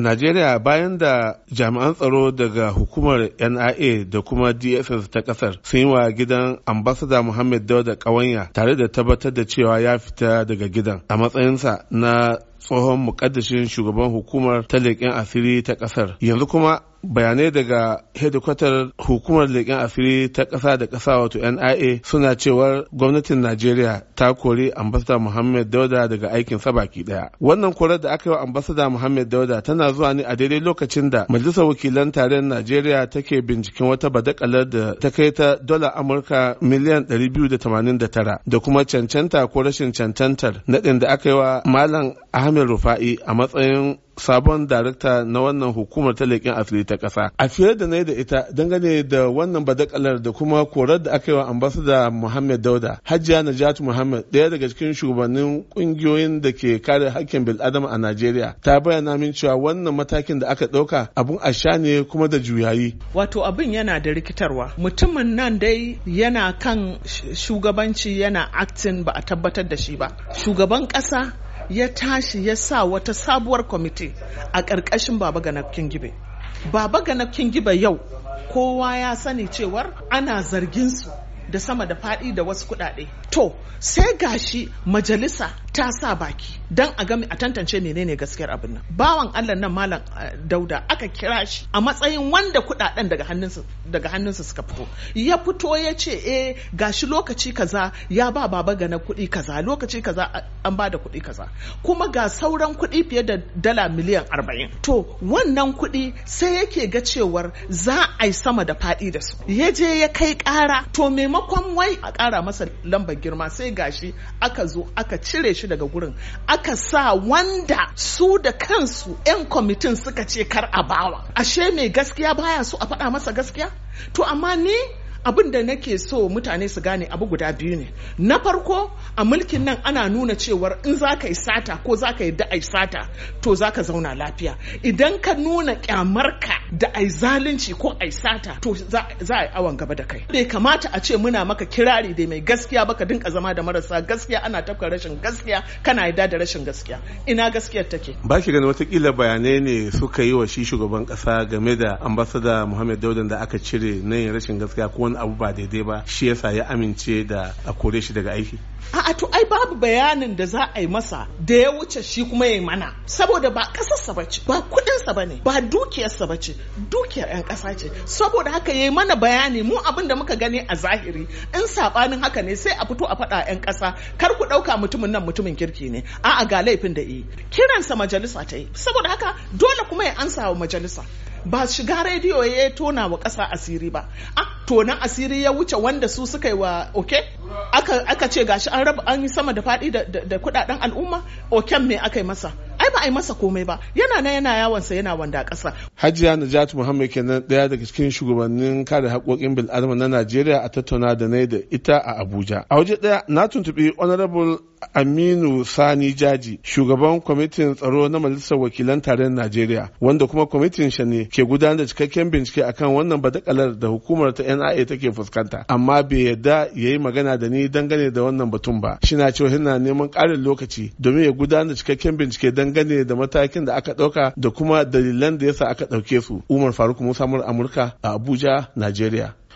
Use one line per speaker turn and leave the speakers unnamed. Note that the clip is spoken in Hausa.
Najeriya bayan da jami'an tsaro daga hukumar NIA da kuma DSS ta kasar sun yi wa gidan ambasada Muhammad Dauda ƙawanya tare da tabbatar da cewa ya fita daga gidan a matsayinsa na tsohon mukaddashin shugaban hukumar ta leƙen asiri ta ƙasar yanzu kuma bayanai daga hedikwatar hukumar leƙen asiri ta ƙasa da ƙasa wato nia suna cewar gwamnatin najeriya ta kori ambasada muhammad dauda daga aikin sa baki daya wannan korar da aka yi wa ambasada muhammad dauda tana zuwa ne a daidai lokacin da majalisar wakilan tarayyar najeriya take binciken wata badakalar da ta kai ta dola amurka miliyan 289 da kuma cancanta ko rashin cancantar naɗin da aka yi wa malam Ahmed Rufa'i a matsayin sabon darakta na wannan hukumar ta leƙen asiri ta ƙasa. A fiye da na da ita dangane da wannan badakalar da kuma korar da aka yi wa ambasada Muhammad Dauda, Hajiya Najatu Muhammad, ɗaya daga cikin shugabannin ƙungiyoyin da ke kare haƙƙin bil'adama a Najeriya, ta bayyana min cewa wannan matakin da aka ɗauka abun a sha ne kuma da juyayi.
Wato abin yana da rikitarwa. Mutumin nan dai yana kan shugabanci yana acting ba a tabbatar da shi ba. Shugaban ƙasa ya tashi ya sa wata sabuwar kwamiti a ƙarƙashin baba ganab gibe baba nafkin gibe yau kowa ya sani cewar ana zargin su da sama da faɗi da wasu kuɗaɗe to sai gashi majalisa ta sa baki don a gami a tantance menene gaskiyar abin nan bawan allah nan malam eh, dauda aka kira shi a matsayin wanda kuɗaɗen daga hannunsa suka fito ya fito ya ce e gashi lokaci kaza ya ba baba gana kuɗi kaza lokaci kaza an ba da kuɗi kaza kuma ga sauran kuɗi fiye da dala miliyan arba'in to wannan kuɗi sai yake ga cewar za a yi sama da faɗi da su ya je ya kai ƙara to maimakon maimakon wai a ƙara masa lambar girma sai gashi aka zo aka cire shi daga gurin aka sa wanda su da kansu 'yan kwamitin suka ce kar a bawa ashe mai gaskiya baya so a faɗa masa gaskiya to amma ni abin da nake so mutane su gane abu guda biyu ne na farko a mulkin nan ana nuna cewar in za ka yi sata ko za ka yi da'ai sata to za ka zauna lafiya idan ka nuna kyamarka da ai zalunci ko ai sata to za a yi awon gaba da kai bai kamata a ce muna maka kirari da mai gaskiya baka dinka zama da marasa gaskiya ana tafka rashin gaskiya kana yadda da rashin gaskiya ina gaskiyar take
ba shi wata watakila bayanai ne suka yi wa shi shugaban kasa game da ambasada muhammad Dauda da aka cire na yin rashin gaskiya ko wani abu ba daidai ba shi yasa ya amince da a kore shi daga aiki
a'a to ai babu bayanin da za a yi masa da ya wuce shi kuma ya mana saboda ba kasarsa ce. ba kudinsa bane ba dukiyarsa ce. dukiyar 'yan ƙasa ce saboda haka yayi mana bayani mu abin da muka gani a zahiri in sabanin haka ne sai a fito a faɗa 'yan ƙasa kar ku ɗauka mutumin nan mutumin kirki ne a'a ga laifin da yi kiransa majalisa ta yi saboda haka dole kuma ya ansa wa majalisa ba shiga rediyo ya tona wa ƙasa asiri ba a tonan asiri ya wuce wanda su suka yi wa oke aka ce gashi an raba an yi sama da faɗi da kuɗaɗen al'umma oken me aka yi masa ba a yi masa komai ba yana nan yana sa yana wanda kasa
Hajiya Najat Muhammad kenan daya daga cikin shugabannin kare haƙoƙin bil'adama na Najeriya a tattauna da na da ita a Abuja. A waje daya na tuntuɓi Honorable Aminu Sani Jaji, shugaban kwamitin tsaro na Majalisar Wakilan Tarayyar Najeriya, wanda kuma kwamitin shi ne ke gudanar da cikakken bincike akan wannan badakalar da hukumar ta NIA take fuskanta, amma bai yadda ya yi magana da ni dangane da wannan batun ba. shi na cewa yana neman ƙarin lokaci domin ya gudanar da cikakken bincike dangane dangane da matakin da aka ɗauka da kuma dalilan da yasa aka ɗauke su. Umar Faruk Musa Amurka a Abuja, Najeriya.